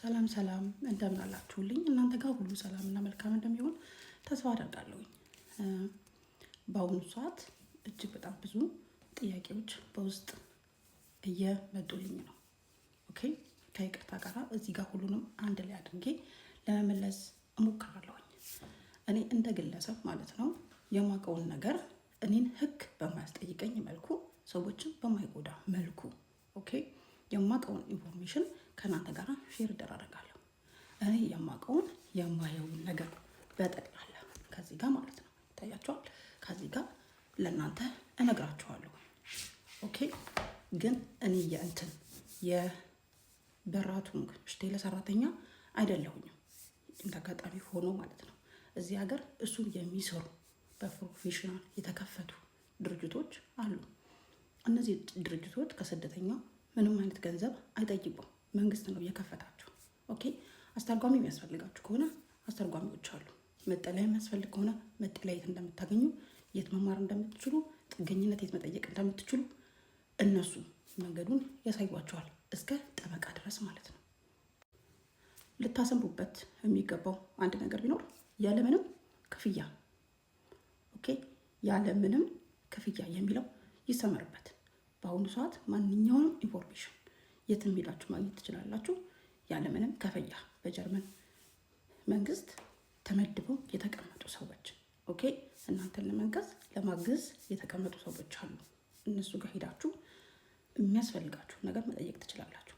ሰላም ሰላም፣ እንደምን አላችሁልኝ? እናንተ ጋር ሁሉ ሰላም እና መልካም እንደሚሆን ተስፋ አደርጋለሁኝ። በአሁኑ ሰዓት እጅግ በጣም ብዙ ጥያቄዎች በውስጥ እየመጡልኝ ነው። ኦኬ፣ ከይቅርታ ጋር እዚህ ጋር ሁሉንም አንድ ላይ አድርጌ ለመመለስ እሞክራለሁኝ። እኔ እንደ ግለሰብ ማለት ነው የማውቀውን ነገር እኔን ህግ በማያስጠይቀኝ መልኩ ሰዎችን በማይ የማየውን ነገር በጠቅላላ ከዚህ ጋር ማለት ነው ይታያቸዋል። ከዚህ ጋር ለእናንተ እነግራችኋለሁ። ኦኬ ግን እኔ የእንትን የበራቱን ሽቴ ለሰራተኛ አይደለሁኝም። እንደ አጋጣሚ ሆኖ ማለት ነው እዚህ ሀገር እሱን የሚሰሩ በፕሮፌሽናል የተከፈቱ ድርጅቶች አሉ። እነዚህ ድርጅቶች ከስደተኛ ምንም አይነት ገንዘብ አይጠይቁም። መንግስት ነው የከፈታቸው። ኦኬ አስተርጓሚ የሚያስፈልጋችሁ ከሆነ አስተርጓሚዎች አሉ። መጠለያ የሚያስፈልግ ከሆነ መጠለያ የት እንደምታገኙ፣ የት መማር እንደምትችሉ፣ ጥገኝነት የት መጠየቅ እንደምትችሉ እነሱ መንገዱን ያሳዩዋቸዋል እስከ ጠበቃ ድረስ ማለት ነው። ልታሰምሩበት የሚገባው አንድ ነገር ቢኖር ያለምንም ክፍያ ኦኬ፣ ያለምንም ክፍያ የሚለው ይሰመርበት። በአሁኑ ሰዓት ማንኛውንም ኢንፎርሜሽን የትም ሄዳችሁ ማግኘት ትችላላችሁ። ያለምንም ከፍያ በጀርመን መንግስት ተመድበው የተቀመጡ ሰዎች ኦኬ፣ እናንተን ለመንቀስ ለማገዝ የተቀመጡ ሰዎች አሉ። እነሱ ጋር ሄዳችሁ የሚያስፈልጋችሁ ነገር መጠየቅ ትችላላችሁ።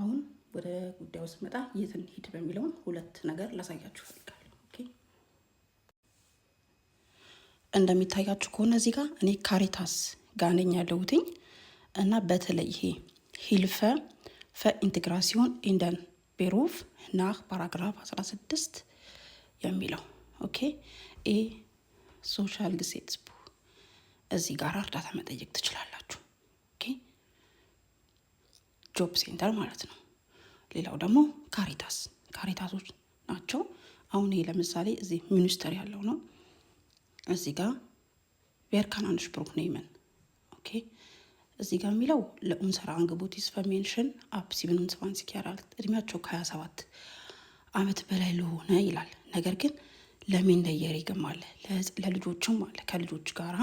አሁን ወደ ጉዳዩ ስመጣ የት እንሂድ በሚለውን ሁለት ነገር ላሳያችሁ እፈልጋለሁ። እንደሚታያችሁ ከሆነ እዚህ ጋር እኔ ካሪታስ ጋር ነኝ ያለሁትኝ እና በተለይ ይሄ ሂልፈ ፈኢንቴግራሲዮን ኢንደን ቤሩፍ ናህ ፓራግራፍ 16 የሚለው ኦኬ ኤ ሶሻል ግሴትስቡ እዚህ ጋር እርዳታ መጠየቅ ትችላላችሁ። ኦኬ ጆብ ሴንተር ማለት ነው። ሌላው ደግሞ ካሪታስ ካሪታሶች ናቸው። አሁን ይሄ ለምሳሌ እዚህ ሚኒስተር ያለው ነው። እዚህ ጋር ቬር ካን ብሩክ ነይመን ኦኬ እዚህ ጋር የሚለው ለኡንሰራ አንግቦቲስ ሜንሽን አፕ ሲብኑን ስባን ሲኪያራል እድሜያቸው ከሀያ ሰባት አመት በላይ ለሆነ ይላል። ነገር ግን ለሜን ለየሬግም አለ ለልጆችም አለ ከልጆች ጋር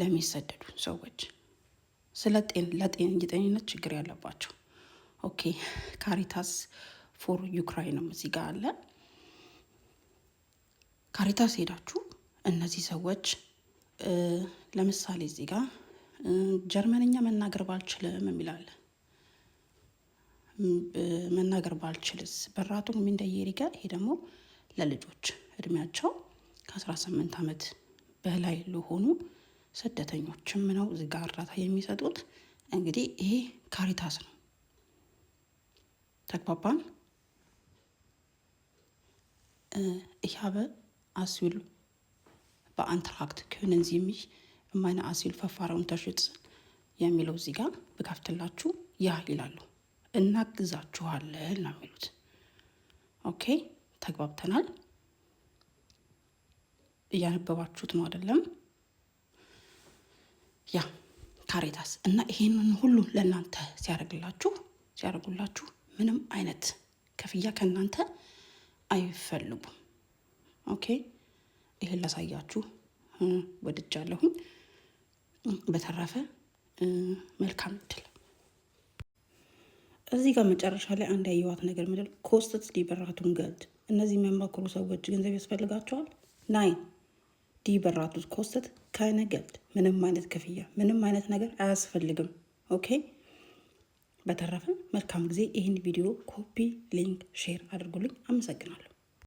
ለሚሰደዱ ሰዎች ስለ ጤን ለጤን የጤንነት ችግር ያለባቸው ኦኬ ካሪታስ ፎር ዩክራይንም እዚህ ጋር አለ። ካሪታስ ሄዳችሁ እነዚህ ሰዎች ለምሳሌ እዚህ ጋር ጀርመንኛ መናገር ባልችልም የሚላል መናገር ባልችልስ በራቱን የሚንደየሪጋ ይሄ ደግሞ ለልጆች እድሜያቸው ከ18 ዓመት በላይ ለሆኑ ስደተኞችም ነው እዚህ ጋር እርዳታ የሚሰጡት። እንግዲህ ይሄ ካሪታስ ነው። ተግባባን። ich habe Asyl beantragt können Sie እማይነ አሲል ፈፋረውን ተሽት የሚለው እዚህ ጋር ብከፍትላችሁ ያ ይላሉ። እናግዛችኋለን ነው የሚሉት። ኦኬ ተግባብተናል። እያነበባችሁት ነው አይደለም? ያ ካሬታስ እና ይሄንን ሁሉ ለእናንተ ሲያደርግላችሁ ሲያደርጉላችሁ ምንም አይነት ክፍያ ከእናንተ አይፈልጉም። ኦኬ ይህን ላሳያችሁ ወድጃለሁኝ። በተረፈ መልካም እድል። እዚህ ጋር መጨረሻ ላይ አንድ ያየዋት ነገር ምድል ኮስትት ዲበራቱን ገልድ እነዚህ የሚያማክሩ ሰዎች ገንዘብ ያስፈልጋቸዋል። ናይን ዲበራቱ ኮስትት ከነ ገልድ ምንም አይነት ክፍያ ምንም አይነት ነገር አያስፈልግም። ኦኬ። በተረፈ መልካም ጊዜ። ይህን ቪዲዮ ኮፒ ሊንክ ሼር አድርጉልኝ። አመሰግናለሁ።